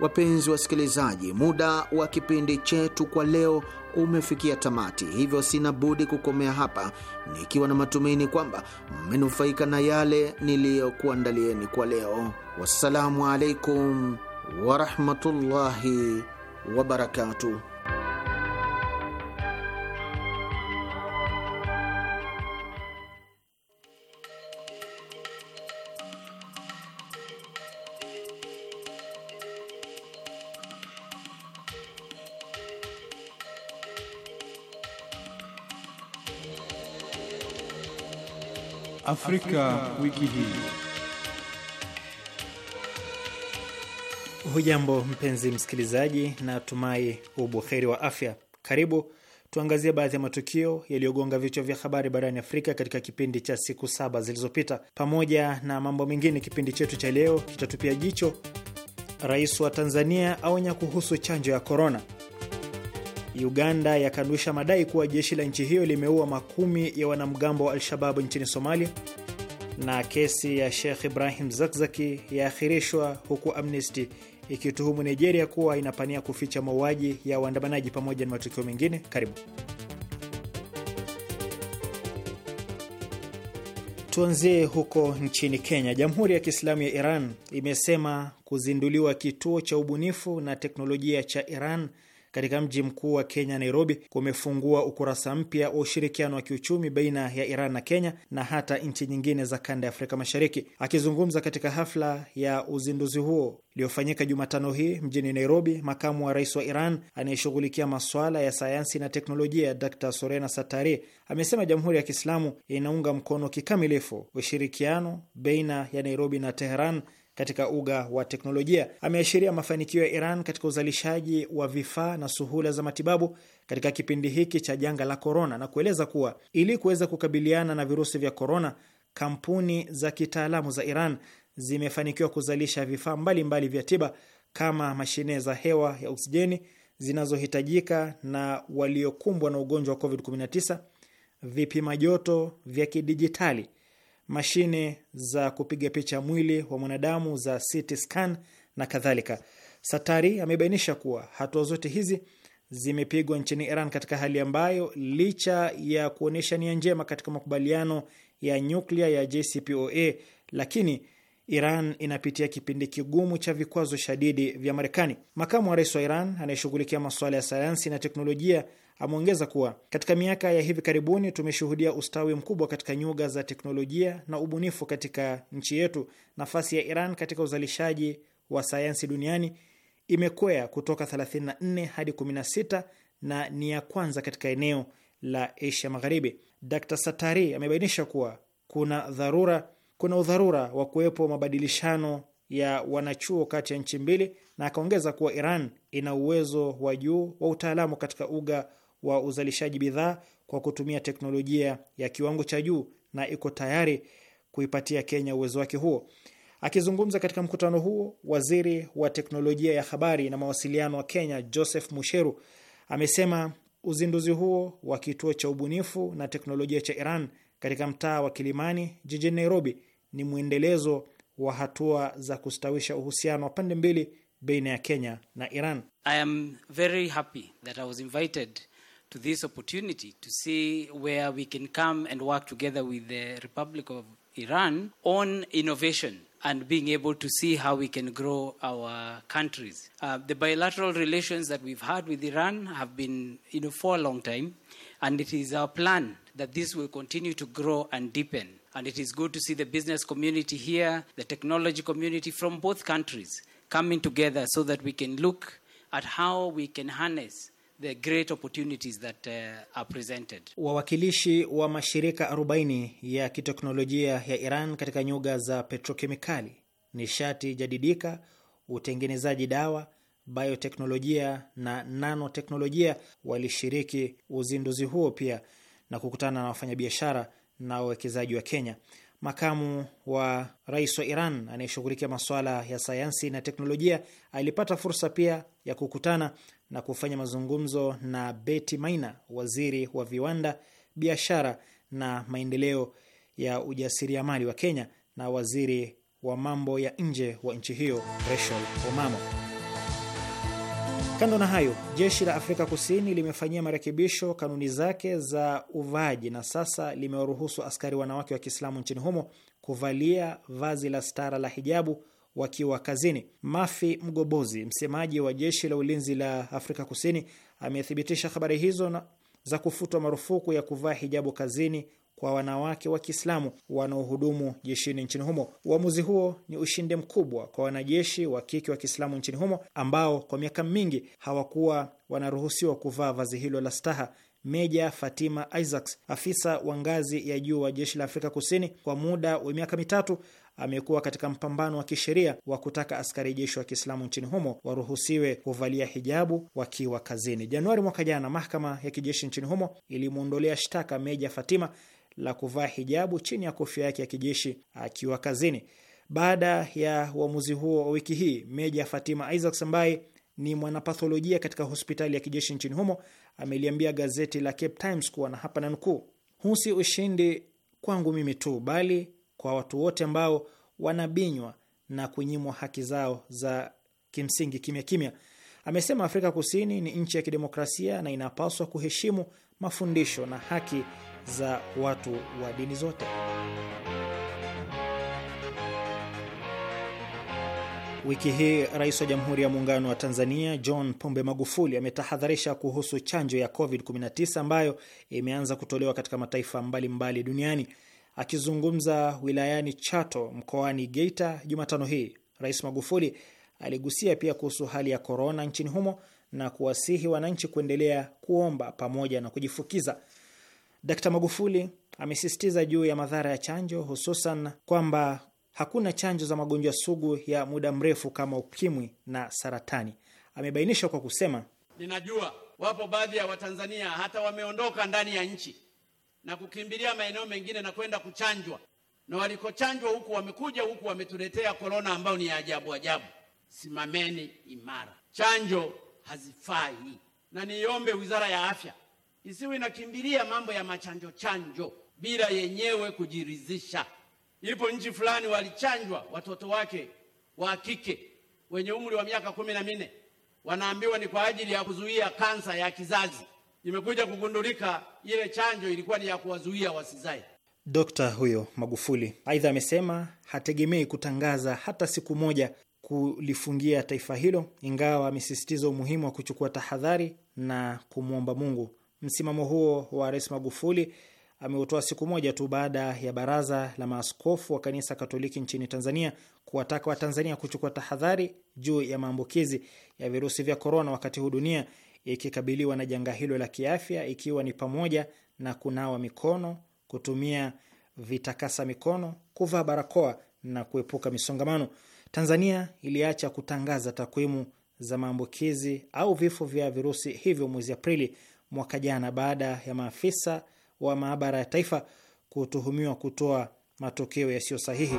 Wapenzi wasikilizaji, muda wa kipindi chetu kwa leo umefikia tamati, hivyo sina budi kukomea hapa nikiwa na matumaini kwamba mmenufaika na yale niliyokuandalieni kwa leo. Wassalamu alaikum warahmatullahi wabarakatuh. Afrika wiki hii. Hujambo mpenzi msikilizaji, na tumai ubuheri wa afya. Karibu tuangazie baadhi ya matukio yaliyogonga vichwa vya habari barani Afrika katika kipindi cha siku saba zilizopita. Pamoja na mambo mengine, kipindi chetu cha leo kitatupia jicho rais wa Tanzania aonya kuhusu chanjo ya korona Uganda yakanusha madai kuwa jeshi la nchi hiyo limeua makumi ya wanamgambo wa Al-Shababu nchini Somalia, na kesi ya Sheikh Ibrahim Zakzaki yaakhirishwa huku Amnesty ikituhumu Nigeria kuwa inapania kuficha mauaji ya waandamanaji pamoja na matukio mengine. Karibu tuanzie huko nchini Kenya. Jamhuri ya Kiislamu ya Iran imesema kuzinduliwa kituo cha ubunifu na teknolojia cha Iran katika mji mkuu wa Kenya, Nairobi, kumefungua ukurasa mpya wa ushirikiano wa kiuchumi baina ya Iran na Kenya na hata nchi nyingine za kanda ya Afrika Mashariki. Akizungumza katika hafla ya uzinduzi huo iliyofanyika Jumatano hii mjini Nairobi, makamu wa rais wa Iran anayeshughulikia masuala ya sayansi na teknolojia Dr Sorena Satari amesema Jamhuri ya Kiislamu inaunga mkono kikamilifu ushirikiano baina ya Nairobi na Teheran katika uga wa teknolojia. Ameashiria mafanikio ya Iran katika uzalishaji wa vifaa na suhula za matibabu katika kipindi hiki cha janga la korona, na kueleza kuwa ili kuweza kukabiliana na virusi vya korona, kampuni za kitaalamu za Iran zimefanikiwa kuzalisha vifaa mbalimbali vya tiba kama mashine za hewa ya oksijeni zinazohitajika na waliokumbwa na ugonjwa wa COVID-19, vipima joto vya kidijitali mashine za kupiga picha mwili wa mwanadamu za CT scan na kadhalika. Satari amebainisha kuwa hatua zote hizi zimepigwa nchini Iran katika hali ambayo licha ya kuonyesha nia njema katika makubaliano ya nyuklia ya JCPOA, lakini Iran inapitia kipindi kigumu cha vikwazo shadidi vya Marekani. Makamu wa rais wa Iran anayeshughulikia masuala ya sayansi na teknolojia Ameongeza kuwa katika miaka ya hivi karibuni tumeshuhudia ustawi mkubwa katika nyuga za teknolojia na ubunifu katika nchi yetu. Nafasi ya Iran katika uzalishaji wa sayansi duniani imekwea kutoka 34 hadi 16 na ni ya kwanza katika eneo la Asia Magharibi. Dr. Satari amebainisha kuwa kuna dharura, kuna udharura wa kuwepo mabadilishano ya wanachuo kati ya nchi mbili, na akaongeza kuwa Iran ina uwezo wa juu wa utaalamu katika uga wa uzalishaji bidhaa kwa kutumia teknolojia ya kiwango cha juu na iko tayari kuipatia Kenya uwezo wake huo. Akizungumza katika mkutano huo, waziri wa teknolojia ya habari na mawasiliano wa Kenya Joseph Musheru amesema uzinduzi huo wa kituo cha ubunifu na teknolojia cha Iran katika mtaa wa Kilimani jijini Nairobi ni mwendelezo wa hatua za kustawisha uhusiano wa pande mbili baina ya Kenya na Iran. I am very happy that I was invited to this opportunity to see where we can come and work together with the Republic of Iran on innovation and being able to see how we can grow our countries. Uh, the bilateral relations that we've had with Iran have been, you know, for a long time, and it is our plan that this will continue to grow and deepen. And it is good to see the business community here, the technology community from both countries coming together so that we can look at how we can harness the great opportunities that uh, are presented. Wawakilishi wa mashirika 40 ya kiteknolojia ya Iran katika nyuga za petrokemikali, nishati jadidika, utengenezaji dawa, bioteknolojia na nanoteknolojia walishiriki uzinduzi huo pia na kukutana na wafanyabiashara na wawekezaji wa Kenya makamu wa rais wa Iran anayeshughulikia masuala ya sayansi na teknolojia alipata fursa pia ya kukutana na kufanya mazungumzo na Beti Maina, waziri wa viwanda, biashara na maendeleo ya ujasiriamali wa Kenya na waziri wa mambo ya nje wa nchi hiyo Rachel Omamo. Kando na hayo, jeshi la Afrika Kusini limefanyia marekebisho kanuni zake za uvaaji na sasa limewaruhusu askari wanawake wa Kiislamu nchini humo kuvalia vazi la stara la hijabu wakiwa kazini. Mafi Mgobozi, msemaji wa jeshi la ulinzi la Afrika Kusini, amethibitisha habari hizo na za kufutwa marufuku ya kuvaa hijabu kazini kwa wanawake wa Kiislamu wanaohudumu jeshini nchini humo. Uamuzi huo ni ushindi mkubwa kwa wanajeshi wa kike wa Kiislamu nchini humo ambao kwa miaka mingi hawakuwa wanaruhusiwa kuvaa vazi hilo la staha. Meja Fatima Isaacs, afisa wa ngazi ya juu wa jeshi la Afrika Kusini, kwa muda wa miaka mitatu amekuwa katika mpambano wa kisheria wa kutaka askari jeshi wa Kiislamu nchini humo waruhusiwe kuvalia hijabu wakiwa kazini. Januari mwaka jana, mahakama ya kijeshi nchini humo ilimwondolea shtaka Meja Fatima la kuvaa hijabu chini ya kofia yake ya kijeshi akiwa kazini. Baada ya uamuzi huo wa wiki hii, Meja Fatima Isaacs ambaye ni mwanapatholojia katika hospitali ya kijeshi nchini humo ameliambia gazeti la Cape Times kuwa na hapa na huu si ushindi kwangu mimi tu, bali kwa watu wote ambao wanabinywa na kunyimwa haki zao za kimsingi kimya kimya. Amesema Afrika Kusini ni nchi ya kidemokrasia na inapaswa kuheshimu mafundisho na haki za watu wa dini zote. Wiki hii Rais wa Jamhuri ya Muungano wa Tanzania John Pombe Magufuli ametahadharisha kuhusu chanjo ya COVID-19 ambayo imeanza kutolewa katika mataifa mbalimbali mbali duniani. Akizungumza wilayani Chato mkoani Geita Jumatano hii, Rais Magufuli aligusia pia kuhusu hali ya korona nchini humo na kuwasihi wananchi kuendelea kuomba pamoja na kujifukiza. Dkt Magufuli amesisitiza juu ya madhara ya chanjo, hususan kwamba hakuna chanjo za magonjwa sugu ya muda mrefu kama ukimwi na saratani. Amebainisha kwa kusema, ninajua wapo baadhi ya Watanzania hata wameondoka ndani ya nchi na kukimbilia maeneo mengine na kwenda kuchanjwa, na walikochanjwa huku wamekuja huku wametuletea korona ambayo ni ya ajabu ajabu. Simameni imara, chanjo hazifai, na niiombe Wizara ya Afya isiwe inakimbilia mambo ya machanjo chanjo bila yenyewe kujiridhisha. Ipo nchi fulani walichanjwa watoto wake wa kike wenye umri wa miaka kumi na minne wanaambiwa ni kwa ajili ya kuzuia kansa ya kizazi. Imekuja kugundulika ile chanjo ilikuwa ni ya kuwazuia wasizae. Dokta huyo Magufuli aidha amesema hategemei kutangaza hata siku moja kulifungia taifa hilo, ingawa amesisitiza umuhimu wa kuchukua tahadhari na kumwomba Mungu Msimamo huo wa Rais Magufuli ameutoa siku moja tu baada ya baraza la maaskofu wa kanisa Katoliki nchini Tanzania kuwataka Watanzania kuchukua tahadhari juu ya maambukizi ya virusi vya korona, wakati huu dunia ikikabiliwa na janga hilo la kiafya, ikiwa ni pamoja na kunawa mikono, kutumia vitakasa mikono, kuvaa barakoa na kuepuka misongamano. Tanzania iliacha kutangaza takwimu za maambukizi au vifo vya virusi hivyo mwezi Aprili mwaka jana baada ya maafisa wa maabara ya taifa kutuhumiwa kutoa matokeo yasiyo sahihi.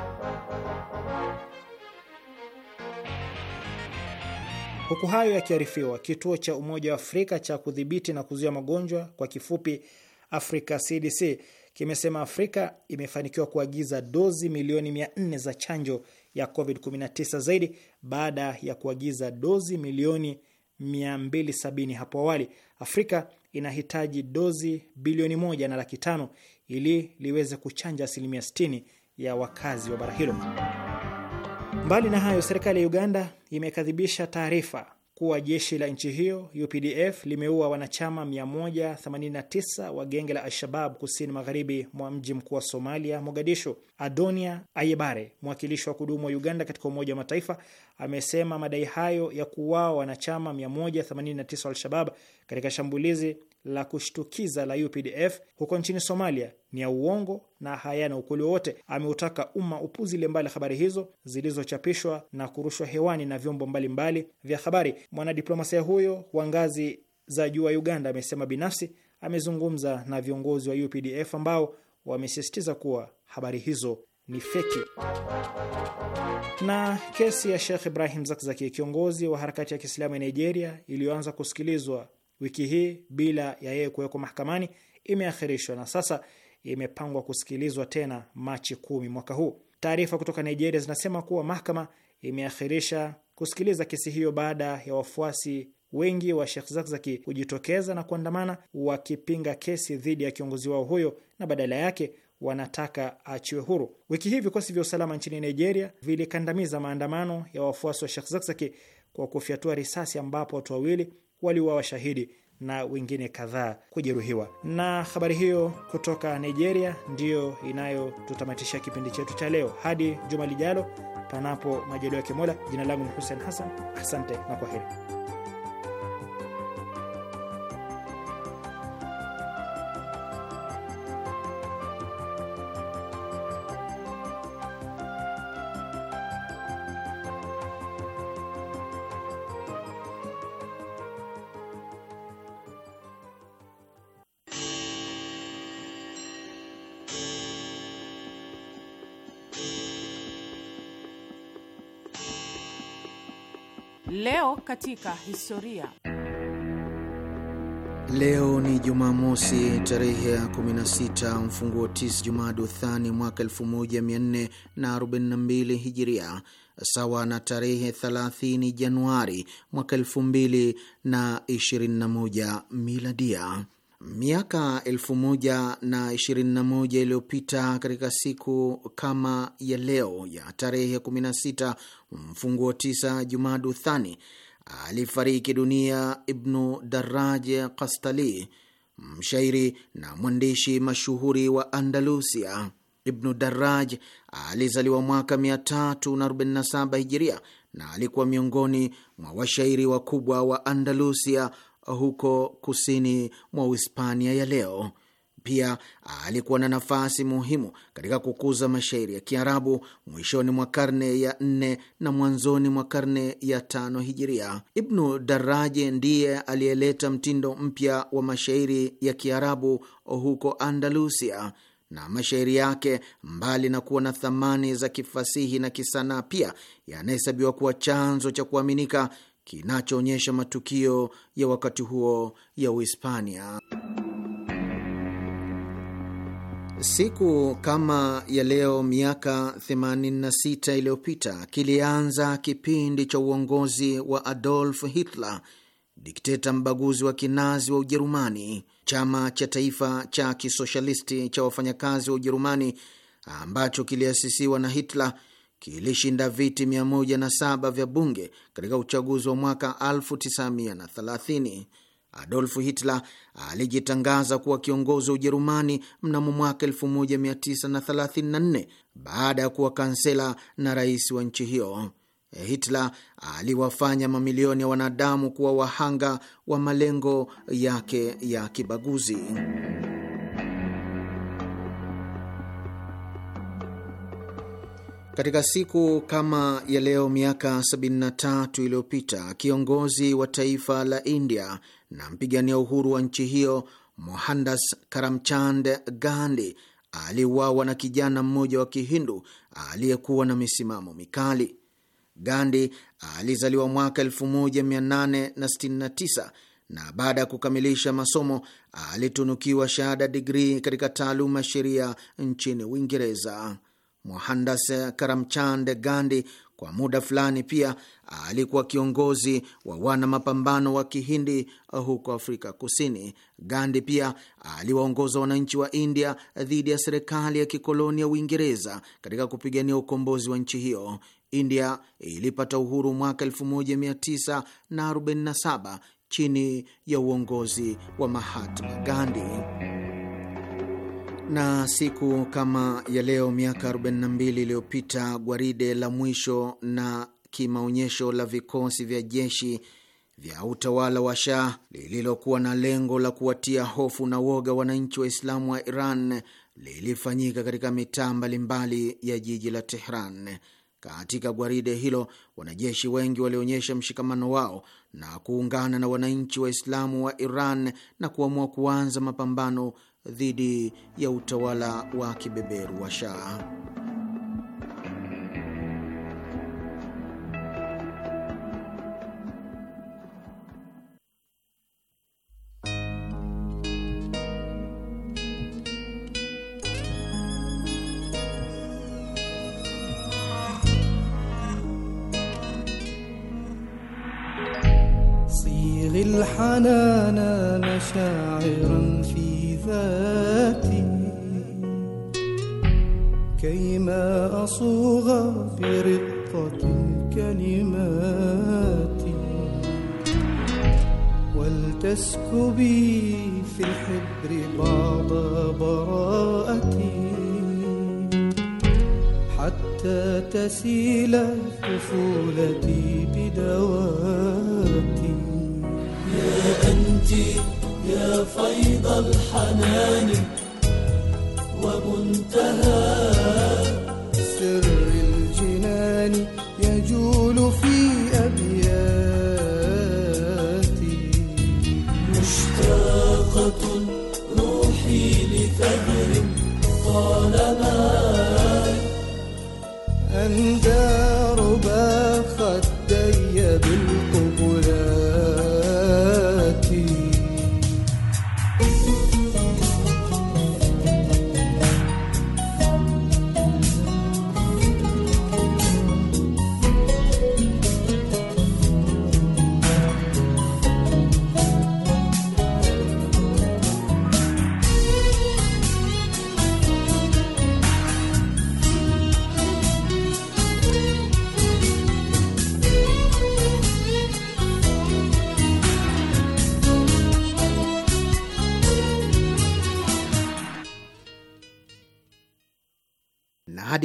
Huku hayo yakiarifiwa, kituo cha Umoja wa Afrika cha kudhibiti na kuzuia magonjwa kwa kifupi Africa CDC kimesema Afrika imefanikiwa kuagiza dozi milioni 400 za chanjo ya COVID-19 zaidi baada ya kuagiza dozi milioni 270 hapo awali. Afrika inahitaji dozi bilioni moja na laki tano ili liweze kuchanja asilimia 60 ya wakazi wa bara hilo. Mbali na hayo, serikali ya Uganda imekadhibisha taarifa kuwa jeshi la nchi hiyo UPDF limeua wanachama 189 wa genge la Al-Shabab kusini magharibi mwa mji mkuu wa Somalia, Mogadishu. Adonia Ayebare, mwakilishi wa kudumu wa Uganda katika Umoja wa Mataifa, amesema madai hayo ya kuuawa wanachama 189 wa Al-Shabab katika shambulizi la kushtukiza la UPDF huko nchini Somalia ni ya uongo na hayana ukweli wowote. Ameutaka umma upuzile mbali habari hizo zilizochapishwa na kurushwa hewani na vyombo mbalimbali vya habari. Mwanadiplomasia huyo wa ngazi za juu wa Uganda amesema binafsi amezungumza na viongozi wa UPDF ambao wamesisitiza kuwa habari hizo ni feki. Na kesi ya Sheikh Ibrahim Zakzaki, kiongozi wa harakati ya Kiislamu ya Nigeria, iliyoanza kusikilizwa wiki hii bila ya yeye kuwekwa mahakamani imeakhirishwa na sasa imepangwa kusikilizwa tena Machi kumi mwaka huu. Taarifa kutoka Nigeria zinasema kuwa mahakama imeakhirisha kusikiliza kesi hiyo baada ya wafuasi wengi wa Sheikh Zakzaki kujitokeza na kuandamana wakipinga kesi dhidi ya kiongozi wao huyo, na badala yake wanataka achiwe huru. Wiki hii vikosi vya usalama nchini Nigeria vilikandamiza maandamano ya wafuasi wa Sheikh Zakzaki kwa kufyatua risasi, ambapo watu wawili waliuawa shahidi na wengine kadhaa kujeruhiwa. Na habari hiyo kutoka Nigeria ndiyo inayotutamatisha kipindi chetu cha leo. Hadi juma lijalo, panapo majaliwa ya kimola Jina langu ni Hussein Hassan, asante na kwa heri katika historia. Leo ni Jumamosi, tarehe ya 16 mfunguo 9 Jumada Uthani mwaka 1442 Hijiria, sawa na tarehe 30 Januari mwaka 2021 Miladia. Miaka 1021 iliyopita katika siku kama ya leo ya tarehe 16 mfunguo 9 Jumada duthani alifariki dunia Ibnu Daraj Kastali, mshairi na mwandishi mashuhuri wa Andalusia. Ibnu Daraj alizaliwa mwaka 347 Hijiria na alikuwa miongoni mwa washairi wakubwa wa Andalusia, huko kusini mwa Uhispania ya leo. Pia ah, alikuwa na nafasi muhimu katika kukuza mashairi ya Kiarabu mwishoni mwa karne ya nne na mwanzoni mwa karne ya tano hijiria. Ibnu Daraje ndiye aliyeleta mtindo mpya wa mashairi ya Kiarabu huko Andalusia, na mashairi yake mbali na kuwa na thamani za kifasihi na kisanaa, pia yanahesabiwa kuwa chanzo cha kuaminika kinachoonyesha matukio ya wakati huo ya Uhispania. Siku kama ya leo miaka 86 iliyopita kilianza kipindi cha uongozi wa Adolf Hitler, dikteta mbaguzi wa kinazi wa Ujerumani. Chama cha taifa cha kisoshalisti cha wafanyakazi wa Ujerumani ambacho kiliasisiwa na Hitler kilishinda viti 107 vya bunge katika uchaguzi wa mwaka 1930. Adolf Hitler alijitangaza kuwa kiongozi wa Ujerumani mnamo mwaka 1934 baada ya kuwa kansela na rais wa nchi hiyo. Hitler aliwafanya mamilioni ya wanadamu kuwa wahanga wa malengo yake ya kibaguzi. Katika siku kama ya leo miaka 73 iliyopita, kiongozi wa taifa la India na mpigania uhuru wa nchi hiyo Mohandas Karamchand Gandhi aliuawa na kijana mmoja wa Kihindu aliyekuwa na misimamo mikali. Gandhi alizaliwa mwaka 1869 na baada ya kukamilisha masomo alitunukiwa shahada digrii katika taaluma sheria nchini Uingereza. Mohandas Karamchand Gandhi kwa muda fulani pia alikuwa kiongozi wa wana mapambano wa Kihindi uh, huko Afrika Kusini. Gandhi pia aliwaongoza wananchi wa India dhidi ya serikali ya kikoloni ya Uingereza katika kupigania ukombozi wa nchi hiyo. India ilipata uhuru mwaka 1947 chini ya uongozi wa Mahatma Gandhi. Na siku kama ya leo miaka 42 iliyopita gwaride la mwisho na kimaonyesho la vikosi vya jeshi vya utawala wa Shah lililokuwa na lengo la kuwatia hofu na woga wananchi wa islamu wa Iran lilifanyika katika mitaa mbalimbali ya jiji la Tehran. Katika gwaride hilo wanajeshi wengi walionyesha mshikamano wao na kuungana na wananchi Waislamu wa Iran na kuamua kuanza mapambano dhidi ya utawala wa kibeberu wa Shah. Sighi al masha'iran صفاتي كيما أصوغ في رقة الكلمات ولتسكبي بي في الحبر بعض براءتي حتى تسيل طفولتي بدواتي يا أنتِ يا فيض الحنان ومنتهى